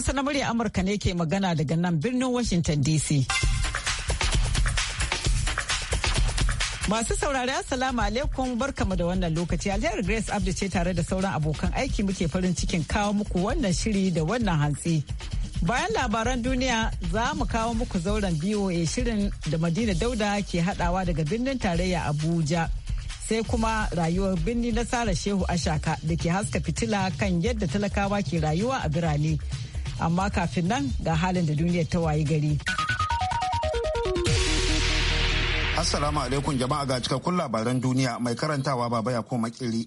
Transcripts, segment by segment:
Hausa na murya Amurka ne ke magana daga nan birnin Washington DC. Masu saurari Assalamu alaikum barkamu da wannan lokaci. Alherar Grace Abdu ce tare da sauran abokan aiki muke farin cikin kawo muku wannan shiri da wannan hantsi. Bayan labaran duniya za mu kawo muku zauren BOA shirin da Madina Dauda ke hadawa daga birnin tarayya Abuja. Sai kuma rayuwar birni na Sara Shehu Ashaka da ke haska fitila kan yadda talakawa ke rayuwa a birane. amma kafin nan ga halin da duniyar ta wayi gari. Assalamu alaikum jama'a ga cikakkun labaran duniya mai karantawa baba ya koma kiri.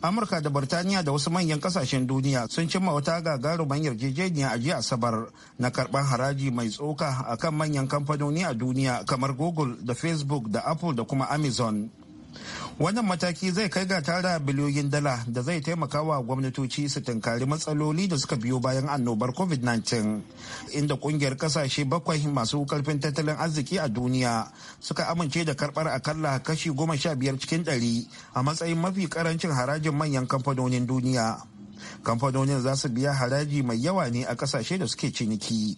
Amurka da Birtaniya da wasu manyan kasashen duniya sun cimma wata gagarumin yarjejeniya a jiya Asabar na karban haraji mai tsoka a kan manyan kamfanoni a duniya kamar Google da Facebook da Apple da kuma Amazon. wannan mataki zai kai ga tara biliyoyin dala da zai taimaka wa gwamnatoci su tunkari matsaloli da suka biyo bayan annobar covid-19 inda kungiyar kasashe bakwai masu karfin tattalin arziki a duniya suka amince da karbar akalla kashi goma sha biyar cikin dari a matsayin mafi karancin harajin manyan kamfanonin duniya kamfanonin za su biya haraji mai yawa ne a kasashe da suke ciniki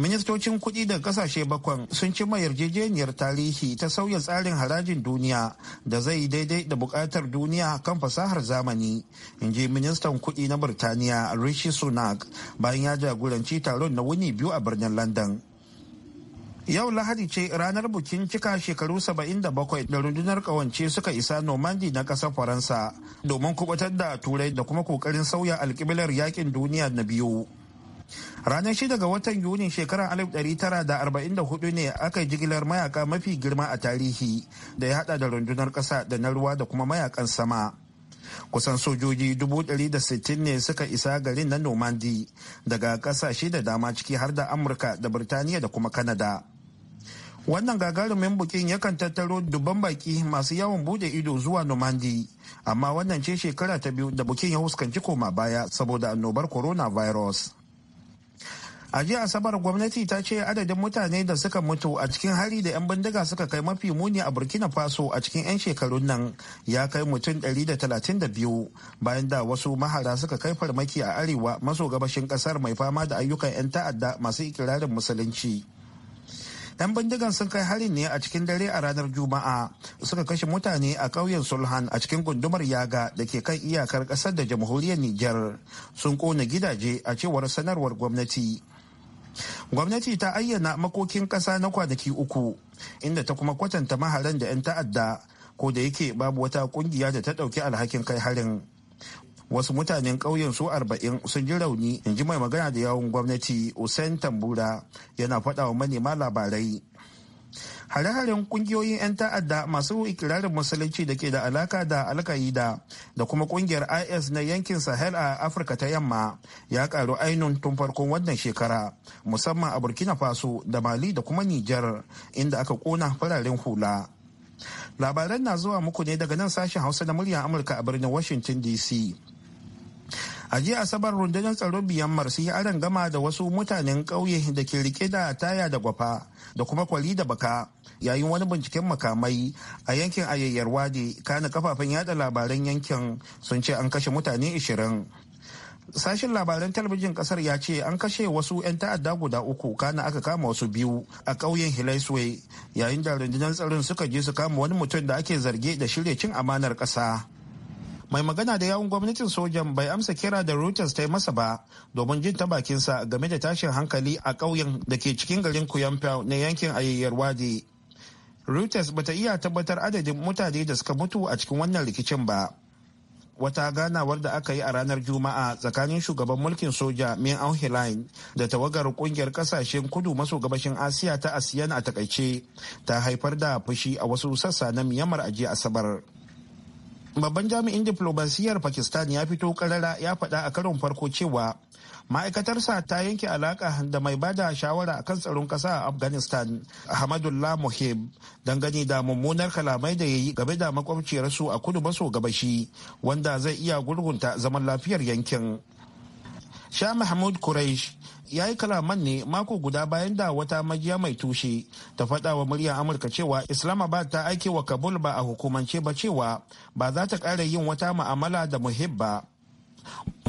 ministocin kuɗi da kasashe bakwai sun cimma yarjejeniyar tarihi ta sauya tsarin harajin duniya da zai yi daidai da buƙatar duniya kan fasahar zamani in ji ministan kuɗi na birtaniya rishi sunak bayan ya jagoranci taron na wuni biyu a birnin london yau lahadi ce ranar bukin cika shekaru 77 da rundunar kawance suka isa nomandi na ƙasar faransa domin kubatar da turai da kuma kokarin sauya alkiblar yakin duniya na biyu Ranar shida ga watan Yuni shekarar 1944 ne aka yi jigilar mayaka mafi girma a tarihi da ya hada da rundunar ƙasa da na ruwa da kuma mayakan sama. Kusan sojoji 160 ne suka isa garin na nomandi. daga ƙasashe da dama ciki har da Amurka da Birtaniya da kuma Kanada. Wannan gagarumin bukin yakan tattaro dubban baki masu yawon bude ido zuwa nomandi. amma wannan ce shekara ta biyu da bukin ya huskanci koma baya saboda annobar coronavirus. virus. a jiya asabar gwamnati ta ce adadin mutane da suka mutu a cikin hari da 'yan bindiga suka kai mafi muni a burkina faso a cikin 'yan shekarun nan ya kai mutum 132 bayan da wasu mahara suka kai farmaki a arewa maso gabashin kasar mai fama da ayyukan 'yan ta'adda masu ikirarin musulunci 'yan bindigan sun kai harin ne a cikin dare a ranar juma'a suka kashe mutane a ƙauyen sulhan a cikin gundumar yaga da ke kan iyakar ƙasar da jamhuriyar niger sun kona gidaje a cewar sanarwar gwamnati gwamnati ta ayyana makokin ƙasa na kwanaki uku inda ta kuma kwatanta maharan da 'yan ta'adda ko da yake babu wata kungiya da ta ɗauki alhakin kai harin wasu mutanen ƙauyen su arba'in sun ji rauni in ji mai magana da yawon gwamnati usain tambura yana faɗa wa manema labarai hare-haren kungiyoyin 'yan ta'adda masu ikirarin musulunci da ke da alaka da alka'ida da kuma kungiyar is na yankin sahel a afirka ta yamma ya karu ainun tun farkon wannan shekara musamman a burkina faso da mali da kuma niger inda aka kona fararen hula labaran na zuwa muku ne daga nan sashen hausa na muryar amurka a birnin washington dc a jiya asabar rundunar tsaron biyammar sun yi aron gama da wasu mutanen kauye da ke rike da taya da gwafa da kuma kwali da baka yayin wani binciken makamai a yankin ayayyar wade kana kafafen yada labaran yankin sun ce an kashe mutane 20 sashen labaran talabijin kasar ya ce an kashe wasu 'yan ta'adda guda uku kana aka kama wasu biyu a ƙauyen hilaiswe yayin da rundunar tsaron suka je su kama wani mutum da ake zarge da shirya cin amanar ƙasa mai magana da yawun gwamnatin sojan bai amsa kira da reuters ta yi masa ba domin jin ta bakinsa game da tashin hankali a ƙauyen da ke cikin garin kuyampa na yankin ayayyar wadi reuters bata iya tabbatar adadin mutane da suka mutu a cikin wannan rikicin ba wata ganawar da aka yi a ranar juma'a tsakanin shugaban mulkin soja min auhilain da tawagar kungiyar kasashen kudu maso gabashin asiya ta asiyan a takaice ta haifar da fushi a wasu sassa na miyamar ajiye asabar babban jami'in diflomasiyyar pakistan ya fito karara ya faɗa a karon farko cewa ma'aikatarsa ta yanke alaka da mai bada shawara kan tsaron ƙasa a afghanistan ahmadullah muhib gani da mummunar kalamai da ya yi game da makwabciyarsu a kudu maso gabashi wanda zai iya gurgunta zaman lafiyar yankin sha mahmud quraish ya yi kalaman ne mako guda bayan da wata majiya mai tushe ta faɗa wa muryar amurka cewa islamabad ta aike wa kabul ba a hukumance ba cewa ba za ta ƙara yin wata ma'amala da muhibba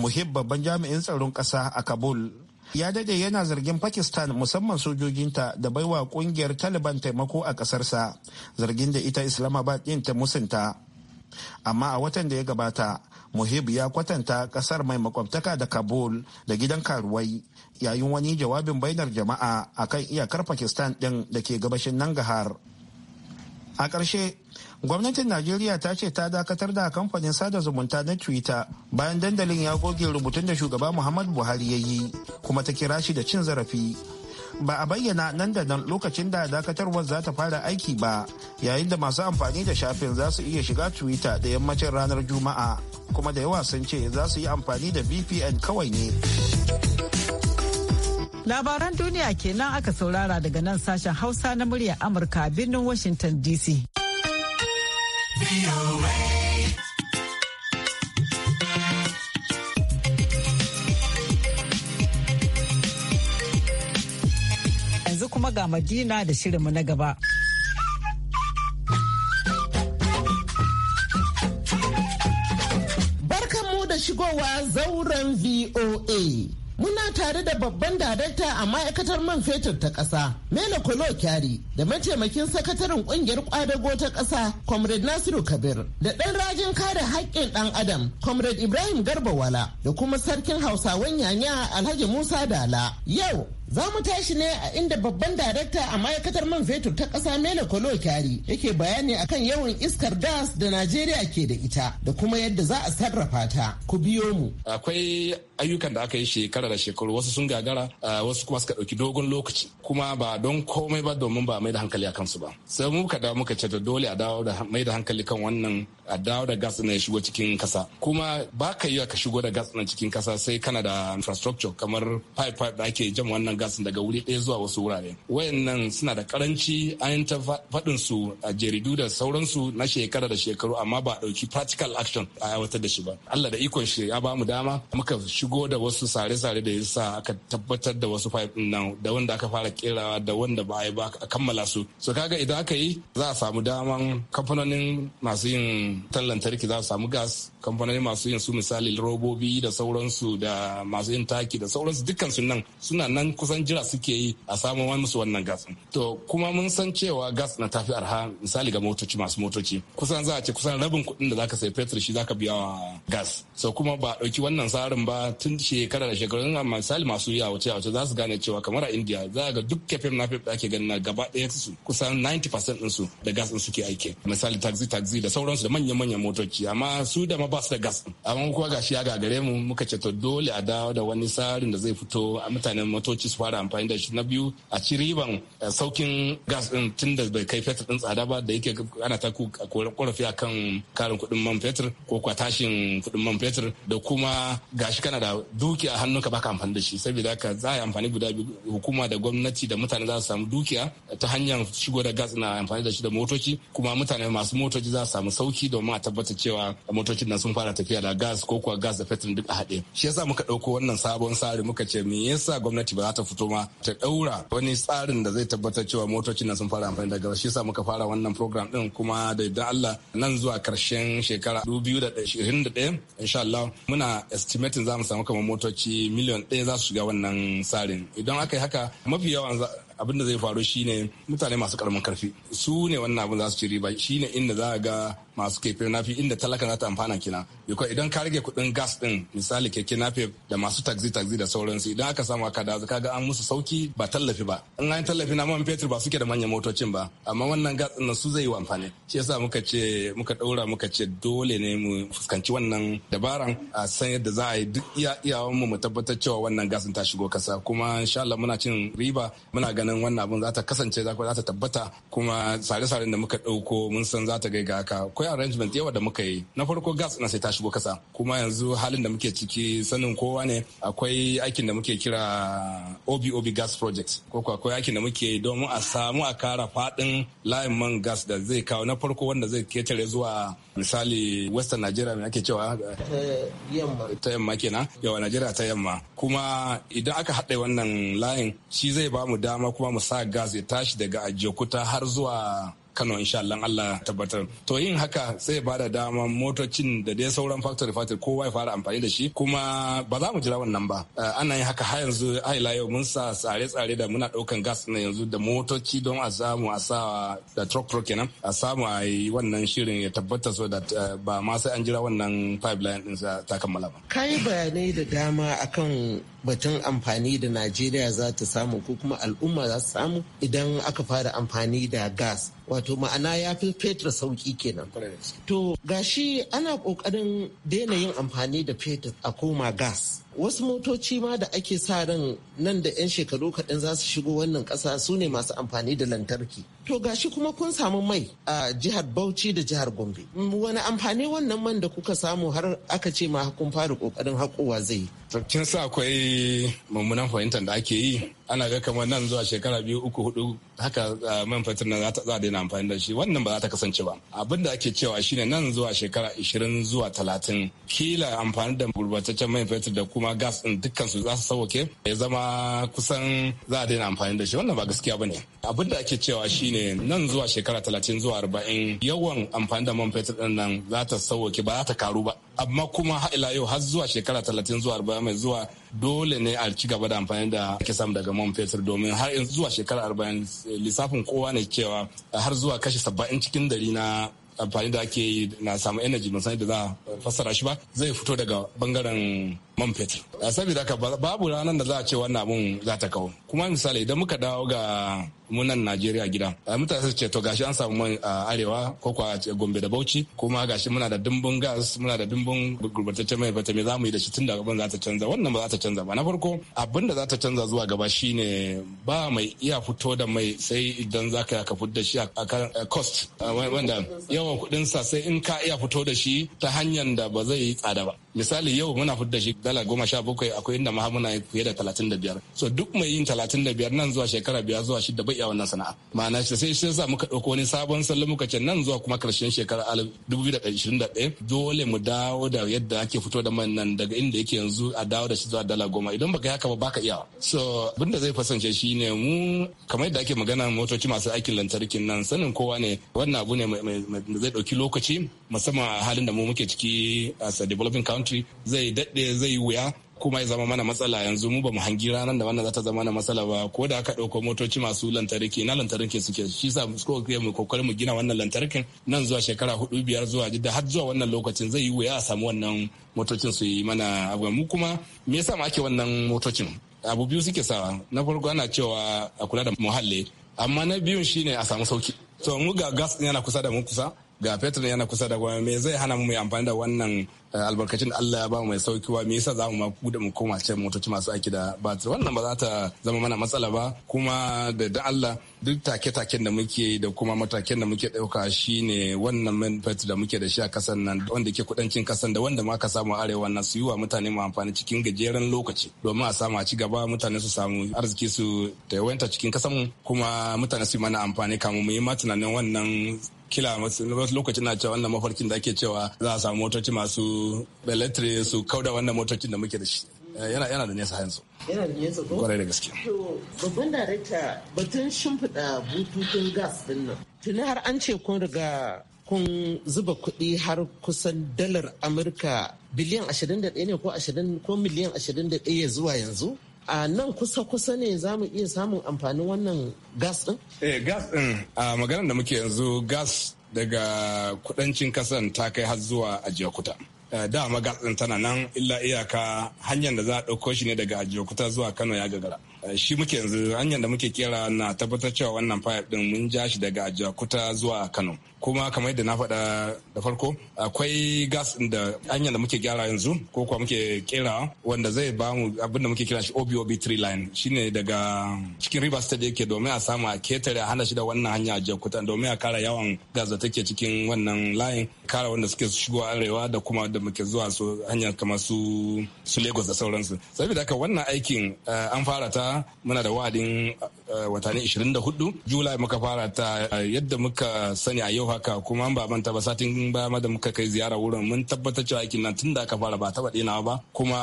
muhibba ban jami'in tsaron ƙasa a kabul ya dade yana zargin pakistan musamman sojojinta da baiwa kungiyar taliban taimako a ƙasarsa zargin da ita islamabad ɗin ta musunta amma a watan da ya gabata muhib ya kwatanta ƙasar mai makwabtaka da kabul da gidan karuwai yayin wani jawabin bainar jama'a a kan iyakar pakistan ɗin da ke gabashin nangahar a ƙarshe gwamnatin najeriya ta ce ta dakatar da kamfanin sada zumunta na twitter bayan dandalin ya goge rubutun da shugaba muhammad buhari ya yi kuma ta kira shi da cin zarafi ba a bayyana nan da nan lokacin da dakatarwar za ta fara aiki ba yayin da masu amfani da shafin za su iya shiga twitter da yammacin ranar juma'a kuma da yawa sun ce za su yi amfani da vpn kawai ne. Labaran duniya kenan aka saurara daga nan sashen Hausa na muryar Amurka birnin Washington DC. Yanzu kuma ga Madina da shirinmu na gaba. da shigowa zauren VOA. Muna tare da babban darakta a ma'aikatar man fetur ta ƙasa, Mela Kolo Kyari, da mataimakin sakataren ƙungiyar ƙwadago ta ƙasa, Comrade Nasiru Kabir, da ɗan rajin kare haƙƙin ɗan Adam, Comrade Ibrahim Garba Wala, da kuma sarkin Hausawan Yanya Alhaji Musa Dala. Yau, Za mu tashi ne a inda babban darakta a ma'aikatar man fetur ta ƙasa Mele Kolo Kyari yake bayani akan yawan iskar gas da Najeriya ke da ita da kuma yadda za a sarrafa ta. Ku biyo mu. Akwai ayyukan da aka yi shekara da shekaru wasu sun gagara wasu kuma suka ɗauki dogon lokaci kuma ba don komai ba domin ba mai da hankali a kansu ba. Sai mu ka dawo muka ce dole a dawo da mai da hankali kan wannan a dawo da gas na ya shigo cikin kasa kuma ba ka yi ka shigo da gas na cikin kasa sai kana da infrastructure kamar pipe pipe da ake jan wannan gas daga wuri ɗaya zuwa wasu wurare wayannan suna da karanci an ta faɗin su a jaridu da sauransu na shekara da shekaru amma ba a ɗauki practical action a aiwatar da shi ba Allah da ikon shi ya bamu mu dama muka shigo da wasu sare-sare da yasa aka tabbatar da wasu pipe nan da wanda aka fara kerawa da wanda ba a yi ba a kammala su so kaga idan aka yi za a samu daman kamfanonin masu yin tan lantarki za a samu gas kamfanonin masu yin su misali robobi da sauransu da masu yin taki da sauransu dukkan su nan suna nan kusa kusan jira suke yi a samun wani musu wannan gas to kuma mun san cewa gas na tafi arha misali ga motoci masu motoci kusan za a ce kusan rabin kuɗin da zaka sai fetur shi zaka biya wa gas so kuma ba ɗauki wannan tsarin ba tun shekara da shekaru amma misali masu yi a wuce a wace za su gane cewa kamar a india za ga duk kafin na da ake ganin gaba ɗaya su kusan 90% su da gas su suke aiki misali taxi taxi da sauransu da manya-manyan motoci amma su da ma ba da gas amma kuma gashi ya gagare mu muka ce to dole a dawo da wani tsarin da zai fito a mutanen motoci su fara amfani da shi na biyu a ci riban eh, saukin gas din tun da bai kai fetur din tsada ba da yake ana ta korafi kan karin kuɗin man fetur ko kwa tashin kuɗin man fetur da kuma gashi kana da dukiya hannunka baka amfani da shi saboda haka za a yi amfani guda biyu hukuma da gwamnati da mutane za su samu dukiya ta hanyar shigo da gas na amfani da shi da motoci kuma mutane masu motoci za su samu sauki domin a tabbata cewa motocin nan sun fara tafiya da gas ko kuwa gas da fetur duk a haɗe shi yasa muka ɗauko wannan sabon tsari muka ce me yasa gwamnati ba za ta ta fito ma ta daura wani tsarin da zai tabbatar cewa motocin na sun fara amfani da gaba shi yasa muka fara wannan program din kuma da idan Allah nan zuwa karshen shekara 2021 insha Allah muna estimating za mu samu kamar motoci miliyan ɗaya za su shiga wannan tsarin idan aka yi haka mafi yawan abin da zai faru shine mutane masu karamin karfi su ne wannan abin za su ci riba shine inda za ga masu keke nafi inda talaka za ta amfana kina yuko idan ka rage kuɗin gas din misali keke nafi da masu taxi taxi da sauransu idan aka samu aka da ka ga an musu sauki ba tallafi ba in an tallafi na man fetur ba suke da manyan motocin ba amma wannan gas din su zai yi amfani shi yasa muka ce muka daura muka ce dole ne mu fuskanci wannan dabaran a san yadda za a yi duk iya iyawan mu mu tabbatar cewa wannan gas ta shigo kasa kuma insha Allah muna cin riba muna ganin wannan abun za ta kasance za ta tabbata kuma sare-saren da muka dauko mun san za ta ga haka akwai arrangement yawa da muka yi na farko gas na sai ta shigo kasa kuma yanzu halin da muke ciki sanin kowa ne akwai aikin da muke kira obob gas project ko akwai aikin da muke domin a samu a kara fadin layin man gas da zai kawo na farko wanda zai ketare zuwa misali western nigeria mai ake cewa ta yamma kenan yawa nigeria ta yamma kuma idan aka haɗa wannan layin shi zai ba mu dama kuma mu sa gas ya tashi daga ajokuta har zuwa Kano insha Allah Allah tabbatar. To yin haka sai ya bada dama motocin da dai sauran factory factory kowa ya fara amfani da shi kuma ba za mu jira wannan ba. Eh, ana yin haka har yanzu har yau mun sa tsare-tsare da muna daukan gas na yanzu da motoci don a samu a sa da truck truck kenan a samu a yi wannan shirin ya tabbatar so da eh, ba ma sai an jira wannan pipeline din ta kammala ba. Kai bayanai da dama akan batun amfani da Najeriya za ta samu ko kuma al'umma za su samu idan aka fara amfani da gas wato ma'ana ya fi fetur sauki kenan to gashi ana kokarin daina yin amfani da fetur a koma gas wasu motoci ma da ake sa ran nan da 'yan shekaru kaɗan za su shigo wannan ƙasa su ne masu amfani da lantarki To gashi kuma kun samu mai a jihar Bauchi da jihar Gombe. Mm, wani amfani wannan man da kuka samu har aka ce ma kun fara kokarin hakowa zai. Kin sa akwai mummunan fahimtar da ake yi ana ga kamar nan zuwa shekara biyu uku hudu haka man fetur nan za a daina amfani da shi wannan ba za ta kasance ba abin da ake cewa shine nan zuwa shekara ishirin zuwa talatin kila amfani da gurbataccen man fetur da kuma gas din dukkan su za su sauke ya zama kusan za a daina amfani da shi wannan ba gaskiya ba ne. abin da ake cewa shi shine nan zuwa shekara talatin zuwa arba'in yawan amfani da man fetur din nan za ta sauwake ba za ta karu ba amma kuma ila yau har zuwa shekara talatin zuwa arba'in mai zuwa dole ne a ci gaba da amfani da ake samu daga man fetur domin har zuwa shekara arba'in lissafin kowa ne cewa har zuwa kashi saba'in cikin dari na amfani da ake yi na samu energy musamman da za a fassara shi ba zai fito daga bangaren man fetur saboda haka babu ranar da za a ce wannan abun za ta kawo kuma misali idan muka dawo ga mu nan Najeriya gida eh, mutane su ce to gashi an samu mai a ah, arewa ko kwa Gombe da Bauchi kuma gashi muna da dimbin gas muna da dimbin gurbataccen mai fata me zamu yi da shi tun gaban za ta canza wannan ba za ta canza ba na farko abin da za ta canza zuwa gaba shine ba mai iya fito da mai sai idan za ka ka fito da shi a kan cost ah, wanda yawan kudin sa sai in ka iya fito da shi ta hanyar da ba zai yi tsada ba misali yau muna fudda shi dala goma sha bakwai akwai inda ma muna fiye da talatin da biyar so duk mai yin talatin da biyar nan zuwa shekara biyar zuwa shida bai iya wannan sana'a ma'ana shi sai shi sa muka ɗauko wani sabon sallu muka ce nan zuwa kuma karshen shekara alif dubu biyu da ishirin da ɗaya dole mu dawo da yadda ake fito da man nan daga inda yake yanzu a dawo da shi zuwa dala goma idan baka yi haka ba baka iya so abinda zai fasance shi ne mu kamar yadda ake magana motoci masu aikin lantarkin nan sanin kowa ne wannan abu ne zai ɗauki lokaci musamman a halin da mu muke ciki as a developing country zai daɗe zai wuya kuma ya zama mana matsala yanzu mu ba mu hangi ranar da wannan za ta zama mana matsala ba ko da aka dauko motoci masu lantarki na lantarki suke shi sa kai mu kokarin mu gina wannan lantarkin nan zuwa shekara hudu biyar zuwa jidda har zuwa wannan lokacin zai yi wuya a samu wannan motocin su yi mana abu mu kuma me yasa ma ake wannan motocin abu biyu suke sawa na farko ana cewa a kula da muhalli amma na biyun shine a samu sauki to mu ga gas yana kusa da mu kusa ga fetur yana kusa da gwamnati me zai hana mu mai amfani da wannan eh, albarkacin da Allah ya ba mu mai saukiwa me yasa za mu ma da mu koma cikin motoci masu aiki da batir wannan ba za ta zama mana matsala ba kuma da da Allah duk take-taken da muke da kuma matakin da muke ɗauka shine wannan man fetur da muke da shi a kasan nan wanda ke kudancin kasan da wanda ma ka samu arewa nan su yi wa mutane mu amfani cikin gajeren lokaci domin a samu a ci gaba mutane su samu arziki su taiwanta cikin kasan mu kuma mutane su yi mana amfani kamun mu yi ma tunanin wannan kila wasu lokacin na cewa wannan mafarkin da ake cewa za a samu motoci masu beletri su kauda wannan motocin da muke da shi eh, yana yana da nesa yanzu yana da nesa ko kwarai da gaske babban darekta batun shimfiɗa bututun gas din nan tuni har an ce kun riga kun zuba kuɗi har kusan dalar amurka biliyan 21 ne ko 20 ko miliyan 21 zuwa yanzu a nan kusa-kusa ne za mu iya samun amfanin wannan gas din? Eh gas din a maganar da muke yanzu gas daga kudancin kasan ta kai har zuwa kuta. Eh, dama gas din tana nan illa iyaka hanyar da za a ɗauko shi ne daga kuta zuwa Kano ya gagara. Eh, shi muke yanzu hanyar da muke kera na tabbatar cewa wannan pipe din mun ja shi daga Jakuta zuwa Kano kuma kamar yadda na faɗa da farko akwai gas da hanyar da muke gyara yanzu ko kuwa muke kera wanda zai ba mu abinda muke kira shi OBOB 3 line shine daga cikin River State yake domin a samu a ketare a hana shi da wannan hanya Jakuta domin a kara yawan gas da take cikin wannan line kara wanda suke shigo arewa da kuma da muke zuwa su hanyar kamar su su Lagos da sauransu saboda haka wannan aikin eh, an fara ta muna da wa'adin watanni 24 julai muka fara ta eh, yadda muka sani a yau haka kuma ba manta ba satin ba da muka kai ziyara wurin mun tabbatar cewa aikin nan tun da aka fara ba taba dinawa ba kuma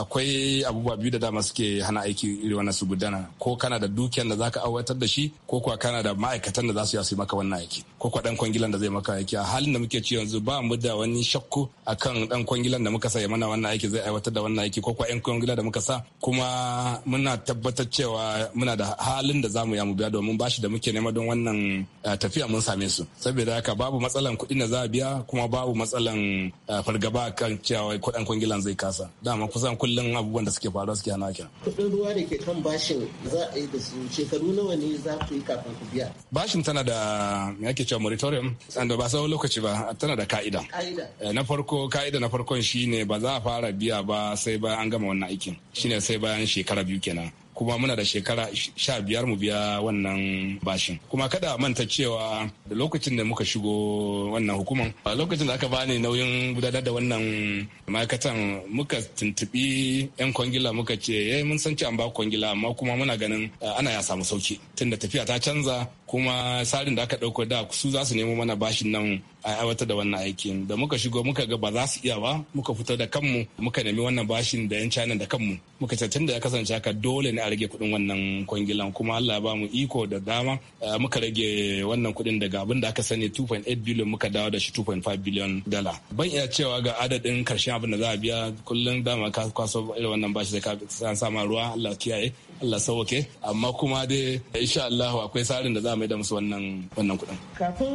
akwai abubuwa biyu da dama suke hana aiki irin wannan su gudana ko kana da dukiyar da zaka aiwatar da shi ko kuwa kana da ma'aikatan da za su yi maka wannan aiki ko kuwa dan kwangilan da zai maka aiki a halin da muke ci yanzu ba mu da wani shakku akan dan kwangilan da muka sa ya mana wannan aiki zai aiwatar da wannan aiki ko kuwa yan kwangilan da muka sa kuma muna tabbatar cewa muna da halin da zamu ya mu biya domin bashi da muke nema don wannan eh, tafiya mun same su saboda haka babu matsalan kuɗin da za a biya kuma babu matsalan eh, fargaba kan cewa kuɗin kwangilan zai kasa dama kusan kullum abubuwan da suke faruwa suke hana kenan kuɗin ruwa da ke kan bashin za a yi da su shekaru nawa ne za ku yi kafin ku biya bashin tana da me ake cewa moratorium sanda ba sau lokaci ba tana da ka'ida eh, na farko ka'ida na farkon shine ba za a fara biya ba sai bayan an gama wannan aikin shine sai bayan shekara biyu kenan kuma muna da shekara sha biyar mu biya wannan bashin kuma kada manta cewa da lokacin da muka shigo wannan hukuman a lokacin da aka bani nauyin gudanar da wannan ma'aikatan muka tuntubi yan kwangila muka ce yayi eh, mun san ci an ba kwangila amma kuma muna ganin eh, ana ya samu sauki tunda tafiya ta canza kuma sarin da aka ɗauko da su za su nemo mana bashin nan a aiwatar da wannan aikin da muka shigo muka ga ba za su iya ba muka fito da kanmu muka nemi wannan bashin da yan china da kanmu muka ce da ya kasance haka dole ne a rage kuɗin wannan kwangilan kuma allah ba mu iko da dama eh, muka rage wannan kuɗin daga abin da aka sani 2.8 billion muka dawo da shi 2.5 billion dala ban iya cewa ga adadin karshen abin da za a biya kullum dama ka kwaso irin wannan bashi da ka sa ruwa allah kiyaye Allah sauke amma kuma dai insha Allah akwai tsarin da za mu yi da musu wannan wannan kuɗin. Kafin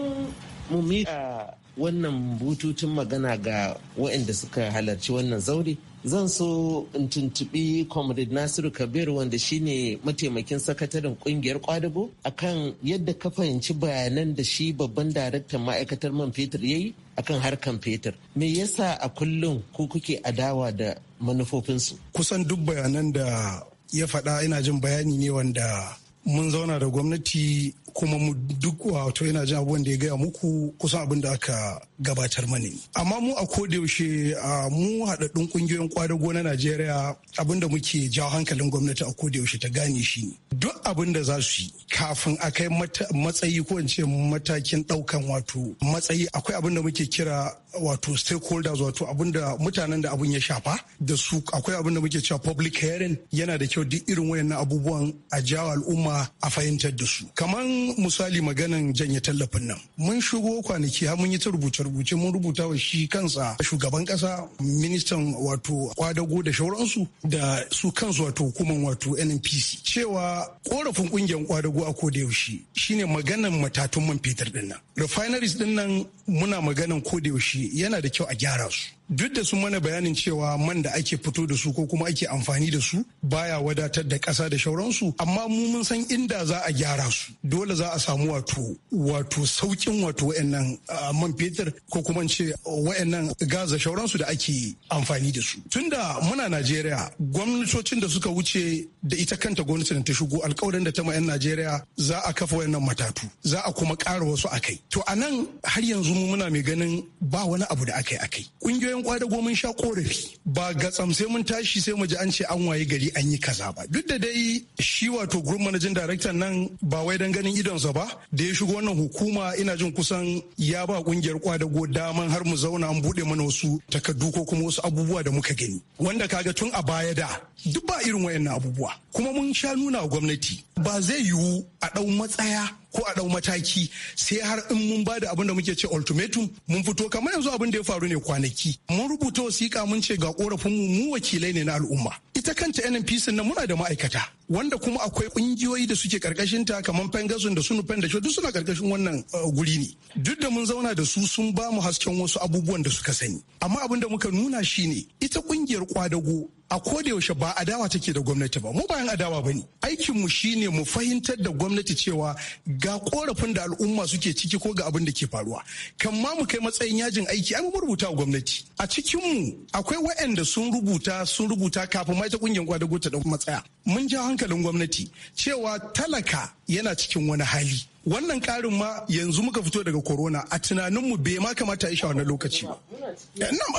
mu miƙa wannan bututun magana ga waɗanda suka halarci wannan zaure zan so in tuntuɓi comrade nasiru kabir wanda shine mataimakin sakataren kungiyar kwadabo akan yadda ka fahimci bayanan da shi babban daraktan ma'aikatar man fetur ya yi akan harkan fetur me yasa a kullum ku kuke adawa da manufofinsu kusan duk bayanan da ya faɗa ina jin bayani ne wanda mun zauna da gwamnati kuma mu duk wato yana jin abubuwan da ya gaya muku kusan abin da aka gabatar mani amma mu a yaushe mu haɗaɗɗun ƙungiyoyin kwadago na najeriya abin da muke jawo hankalin gwamnati a yaushe ta gane shi ne duk abin da za su yi kafin a kai matsayi ko in ce matakin ɗaukan wato matsayi akwai abin da muke kira wato stakeholders wato abin da mutanen da abin ya shafa da su akwai abin da muke cewa public hearing yana da kyau duk irin wayannan abubuwan a jawo al'umma a fahimtar da su kaman misali maganan janye tallafin nan mun shigo kwanaki har mun yi ta rubuce-rubuce mun rubuta wa shi kansa shugaban kasa ministan wato kwadago da shauransu da su kansu wato hukuman wato NNPC cewa korafin kungiyar kwadago a koda yaushe shine maganan matatun man fetur din nan refineries din nan muna maganan koda yaushe yana da kyau a gyara su duk da sun mana bayanin cewa man da ake fito da su ko kuma ake amfani da su baya wadatar da ƙasa da shauransu amma mu mun san inda za a gyara su dole za a samu wato wato saukin wato wayannan man fetur ko kuma ce wayannan gaza da shauransu da ake amfani da su tunda muna Najeriya gwamnatocin da suka wuce da ita kanta gwamnatin ta shigo alkawarin da ta ma Najeriya za a kafa wayannan matatu za a kuma ƙara wasu akai to anan har yanzu mu muna mai ganin ba wani abu da akai akai ƙungiyoyin an kwadago mun sha korafi ba ga tsamsai mun tashi sai mu ji an ce an waye gari an yi kaza ba duk da dai shi wato group managing director nan ba wai dan ganin idonsa ba da ya shigo wannan hukuma ina jin kusan ya ba kungiyar kwadago daman har mu zauna an bude mana wasu takardu ko kuma wasu abubuwa da muka gani wanda kaga tun a baya da duk ba irin wayannan abubuwa kuma mun sha nuna gwamnati ba zai yiwu a ɗau matsaya ko a ɗau mataki sai har in mun bada abin da muke ce ultimatum mun fito kamar yanzu abin da ya faru ne kwanaki mun rubuta wasiƙa mun ce ga korafin mu mu wakilai ne na al'umma ita kanta NNPC nan muna da ma'aikata wanda kuma akwai kungiyoyi da suke karkashin ta kamar fengasun da sunufen da duk suna karkashin wannan uh, guri ne duk da mun zauna da su sun ba mu hasken wasu abubuwan da suka sani amma abin da muka nuna shi ne ita kungiyar kwadago a yaushe ba adawa take da gwamnati ba mu bayan adawa ba ne aikin aikinmu shine mu fahimtar da gwamnati cewa ga korafin da al'umma suke ciki ko ga abin da ke faruwa kan ma mu kai matsayin yajin aiki an rubuta wa gwamnati a cikin mu akwai waɗanda sun rubuta sun rubuta kafin ma ita kungiyar kwadago ta dauki matsaya mun ja hankalin gwamnati cewa talaka yana cikin wani hali wannan karin ma yanzu muka fito daga corona a tunaninmu bai ma kamata ya sha wannan lokaci ba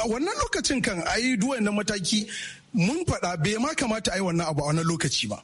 wannan lokacin kan ayi duwan mataki mun faɗa bai ma kamata a yi wannan abu a wannan lokaci ba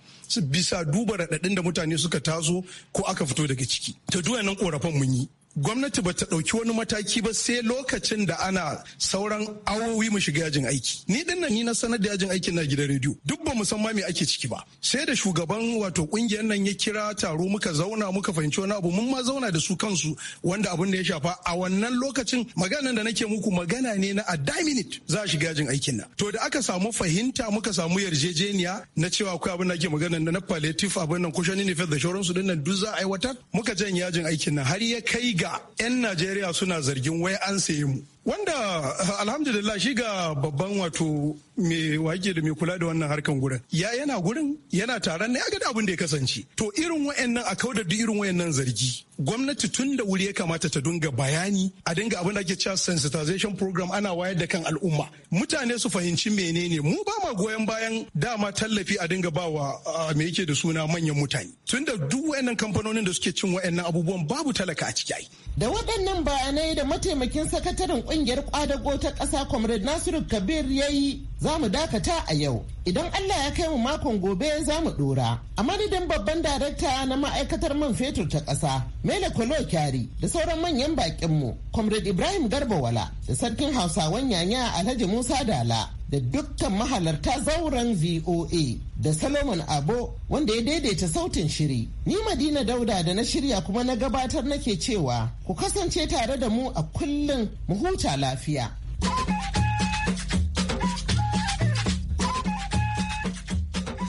bisa duba raɗaɗin da mutane suka taso ko aka fito daga ciki Ta duk nan korafan mun yi gwamnati ba ta ɗauki wani mataki ba sai lokacin da ana sauran awowi mu shiga yajin aiki ni din nan ni na sanar da yajin aikin na gidan rediyo duk ba mu san ma me ake ciki ba sai da shugaban wato kungiyar nan ya kira taro muka zauna muka fahimci wani abu mun ma zauna da su kansu wanda abin da ya shafa a wannan lokacin maganan da nake muku magana ne na a minute za a shiga yajin aikin nan to da aka samu fahimta muka samu yarjejeniya na cewa akwai abin da ake magana na palliative abin nan kushani ne da shauransu din nan duk za a aiwatar muka janye yajin aikin nan har ya kai ga Najeriya 'yan Najeriya suna zargin wai an sayi mu wanda eh, alhamdulillah shi ga babban wato mai wake da mai kula da wannan harkan gurin ya yana gurin yana taron ne ga abin da ya kasance to irin wayannan a kaudar da irin wayannan zargi gwamnati tun da wuri ya kamata ta dinga bayani a dinga abin da ake cewa sensitization program ana wayar da kan al'umma mutane su fahimci menene mu ba ma goyon bayan dama tallafi a dinga ba wa eh, me yake da suna manyan mutane tun da duk wayannan kamfanonin da suke cin wayannan abubuwan babu talaka a ciki da waɗannan bayanai da mataimakin sakataren kungiyar kwadago ta ƙasa comrade Nasiru Kabir ya yi za mu dakata a yau. Idan Allah ya kai mu makon gobe za mu ɗora. A madadin babban darakta na ma'aikatar man fetur ta ƙasa, Mele Kolo Kyari da sauran manyan baƙinmu, comrade Ibrahim Garba Wala da sarkin Hausawan Yanya Alhaji Musa Dala da dukkan mahalarta zauren VOA da salomon Abo wanda ya daidaita sautin shiri. Ni Madina Dauda da na shirya kuma na gabatar nake cewa ku kasance tare da mu a kullum mu huta lafiya.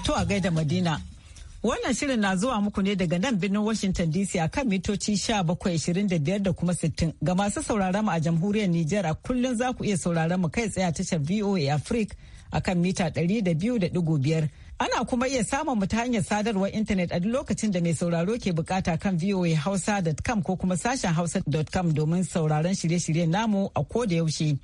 To a gaida Madina. Wannan shirin na zuwa muku ne daga nan birnin Washington DC a kan mitoci 1725 da kuma 60 ga masu sauraron mu a jamhuriyar Nijar a kullum za ku iya sauraron mu kai tsaye a tashar VOA Africa a kan mita 200.5. Ana kuma iya samun mu ta hanyar sadarwar intanet a duk lokacin da mai sauraro ke bukata kan voahausa.com ko kuma sashen hausa.com domin sauraron shirye-shiryen namu a ko da yaushe.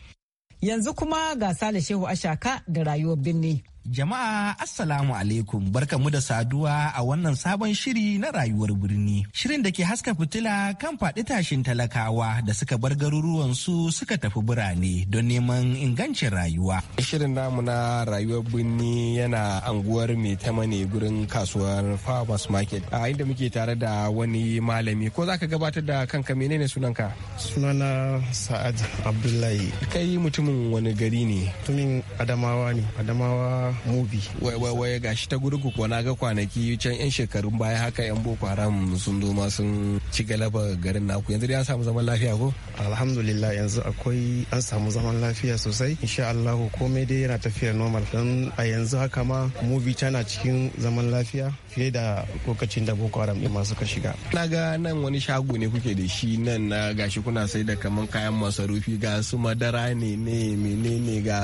Yanzu kuma ga Sale Shehu Ashaka da rayuwar birni. Jama'a Assalamu alaikum mu da saduwa a wannan sabon shiri na rayuwar birni. Shirin da ke haska fitila kan faɗi tashin talakawa da suka bar garuruwansu suka tafi birane don neman ingancin rayuwa. Shirin namu na rayuwar birni yana anguwar ta ne gurin kasuwar Farmers Market. A inda muke tare da wani malami ko zaka gabatar da kanka menene sunanka? Sunana Sa'ad Abdullahi. Kai mutumin wani gari ne? Mutumin Adamawa ne. Adamawa mobi wai wai wai gashi ta gudu kuwa na ga kwanaki can yan shekarun baya haka yan boko haram sun zo ma sun ci galaba garin naku yanzu dai an samu zaman lafiya ko alhamdulillah yanzu akwai an samu zaman lafiya sosai insha Allah komai dai yana tafiya normal dan a yanzu haka ma Mubi tana cikin zaman lafiya fiye da lokacin da boko haram din ma suka shiga na ga nan wani shago ne kuke da shi nan na gashi kuna sai da kaman kayan masarufi ga su madara ne ne menene ga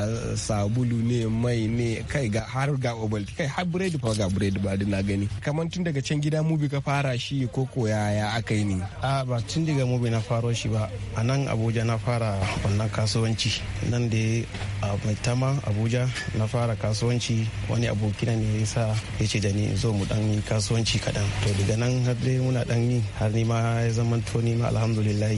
sabulu ne mai ne kai kai ga har ga obal kai har biredi fa ga biredi ba na gani kamar tun daga can gida mubi ka fara shi ko koya ya aka yi ne a ba tun daga mubi na faro shi ba a nan abuja na fara wannan kasuwanci nan da a mai tama abuja na fara kasuwanci wani abokina ne ya sa ya ce da ni zo mu dan yi kasuwanci kaɗan to daga nan har dai muna dan yi har ni ma ya zama to ni ma alhamdulillah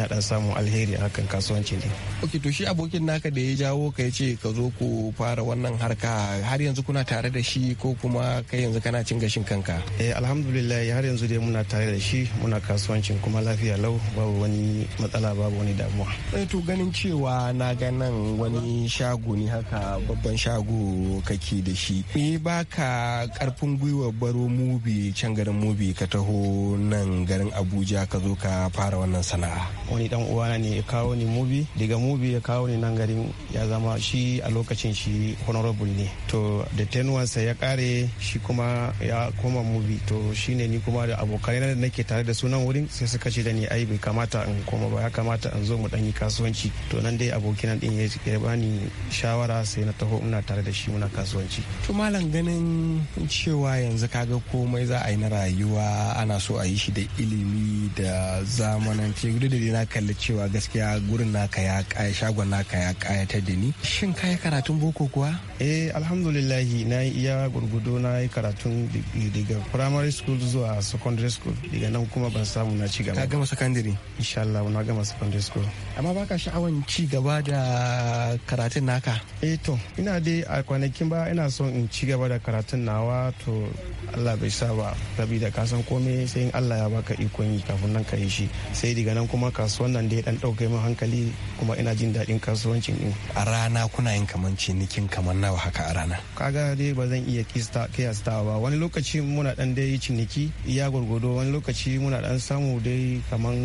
na dan samu alheri akan kasuwanci ne ok to shi abokin naka da ya jawo ka ya ce ka zo ku fara wannan harka har yanzu kuna tare da shi ko kuma kai yanzu kana cin gashin kanka eh alhamdulillah har yanzu dai muna tare da shi muna kasuwancin kuma lafiya lau babu wani matsala babu wani damuwa eh to ganin cewa na ganin wani shago ne haka babban shago kake da shi me baka karfin gwiwa baro mubi can garin mubi ka taho nan garin abuja ka zo ka fara wannan sana'a wani dan uwana ne ya kawo ni mubi daga mubi ya kawo ni nan garin ya zama shi a lokacin shi honorable ne ne to da tenuwansa ya kare shi kuma ya koma mubi to shine ni kuma da abokai da nake tare da sunan wurin sai suka ce da ni ai bai kamata in koma ba ya kamata in zo mu dan yi kasuwanci to nan dai abokin din ya bani shawara sai na taho ina tare da shi muna kasuwanci to malam ganin cewa yanzu kaga komai za a yi na rayuwa ana so a yi shi da ilimi da zamanance duk da na kalli cewa gaskiya gurin naka ya shagon naka ya kayatar da ni shin kai karatun boko kuwa eh alhamdulillah na yi iya gurgudo na yi karatun daga primary school zuwa secondary school daga nan kuma ban samu na ci gaba. Ka gama secondary? Insha Allah na gama secondary school. Amma baka sha'awan ci gaba da karatun naka? Eh to ina dai a kwanakin ba ina son in ci gaba da karatun nawa to Allah bai sa ba rabi da kasan komai sai in Allah ya baka ikon yi kafin nan ka yi shi sai daga nan kuma kasuwan nan dai dan dauke min hankali kuma ina jin daɗin kasuwancin din. A rana kuna yin kamanci nikin kamar nawa haka? ka a rana kaga dai ba zan iya kiyasta ba wani lokaci muna dan dai ciniki iya gwargwado wani lokaci muna dan samu dai kaman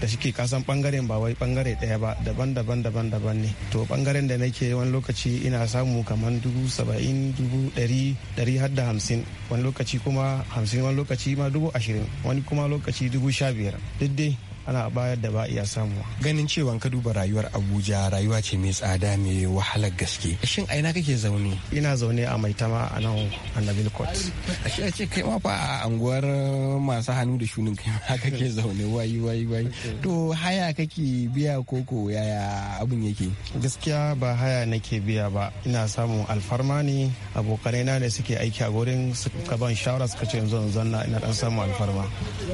da shike kasan bangaren ba wai bangare daya ba daban-daban daban-daban ne to bangaren da nake wani lokaci ina samu kaman dubu saba'in dubu dari dari har da hamsin wani lokaci kuma hamsin wani lokaci ma dubu ashirin wani kuma lokaci dubu sha biyar duk dai ana bayar da ba iya samuwa ganin cewa ka duba rayuwar abuja rayuwa ce mai tsada mai wahalar gaske shin aina kake zaune ina zaune a maitama a nan annabil court a shi ce kai ma fa a anguwar masu hannu da shunin kai ma kake zaune wayi wayi wayi to haya kake biya koko yaya abin yake gaskiya ba haya nake biya ba ina samun alfarma ne abokanai na ne suke aiki a gurin suka ban shawara suka ce yanzu zanna ina dan samun alfarma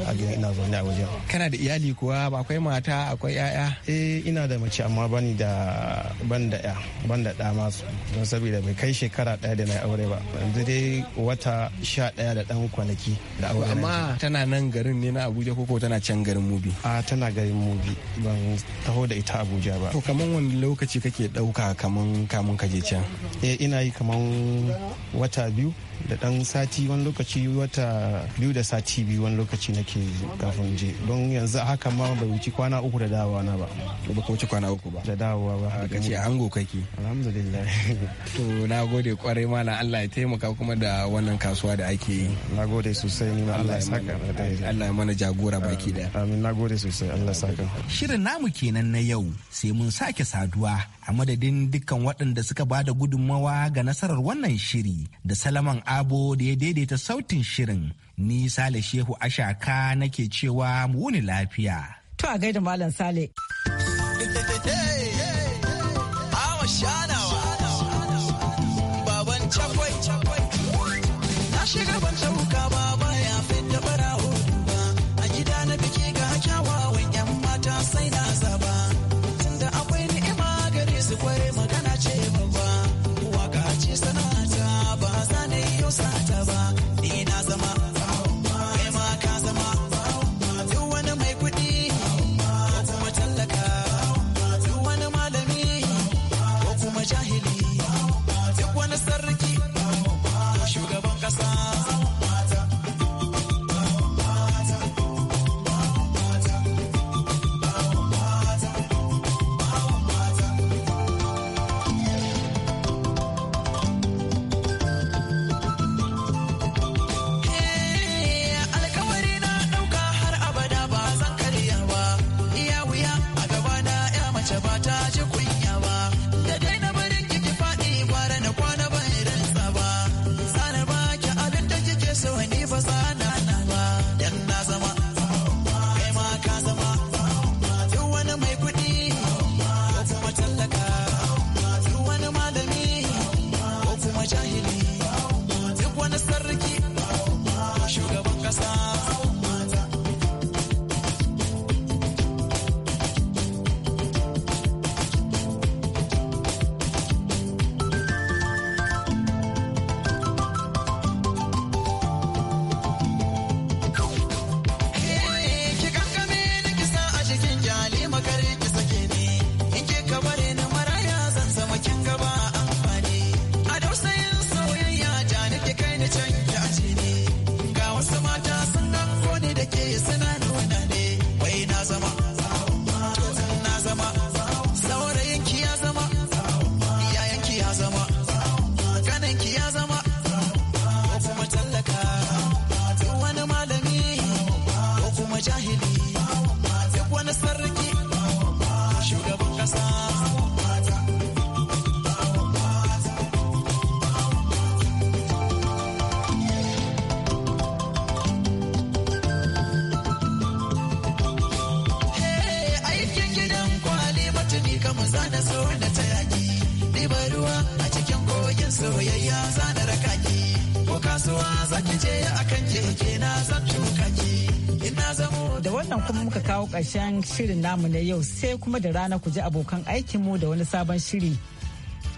a ina zaune a wajen kana da iyali kuwa ba akwai mata akwai yaya eh ina da mace amma bani da ban da ya ban da da masu don saboda bai kai shekara daya da na aure ba yanzu dai wata sha daya da dan kwanaki da aure amma tana nan garin ne na Abuja ko tana can garin Mubi a tana garin Mubi ban taho da ita Abuja ba to kaman wani lokaci kake dauka kaman kamun je can eh ina yi kaman wata biyu da dan sati wani lokaci wata biyu da sati biyu wani lokaci nake kafin je don yanzu haka ma bai wuci kwana uku da dawowa na ba ba wuce kwana uku ba da dawowa ba ka ce go kake alhamdulillah to na gode kwarai na Allah ya taimaka kuma da wannan kasuwa da ake yi na gode sosai ni ma Allah ya saka Allah ya mana jagora baki da. amin na gode sosai Allah ya saka shirin namu kenan na yau sai mun sake saduwa a madadin dukkan waɗanda suka ba da gudunmawa ga nasarar wannan shiri da salaman abo da ya daidaita sautin shirin Ni Sale Shehu Ashaka nake cewa mu lafiya. To a gaida Malam Sale. hey. matasa. wannan kuma muka kawo ƙarshen shirin namu na yau sai kuma da rana ku ji abokan aikinmu da wani sabon shiri.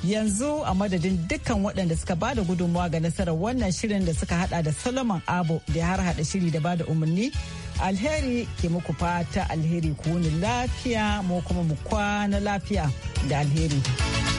Yanzu a madadin dukkan waɗanda suka ba da gudunmawa ga nasarar wannan shirin da suka hada da Solomon Abo da ya har hada shiri da ba da umarni. Alheri ke muku fata alheri ku wuni lafiya mu kuma mu kwana lafiya da alheri.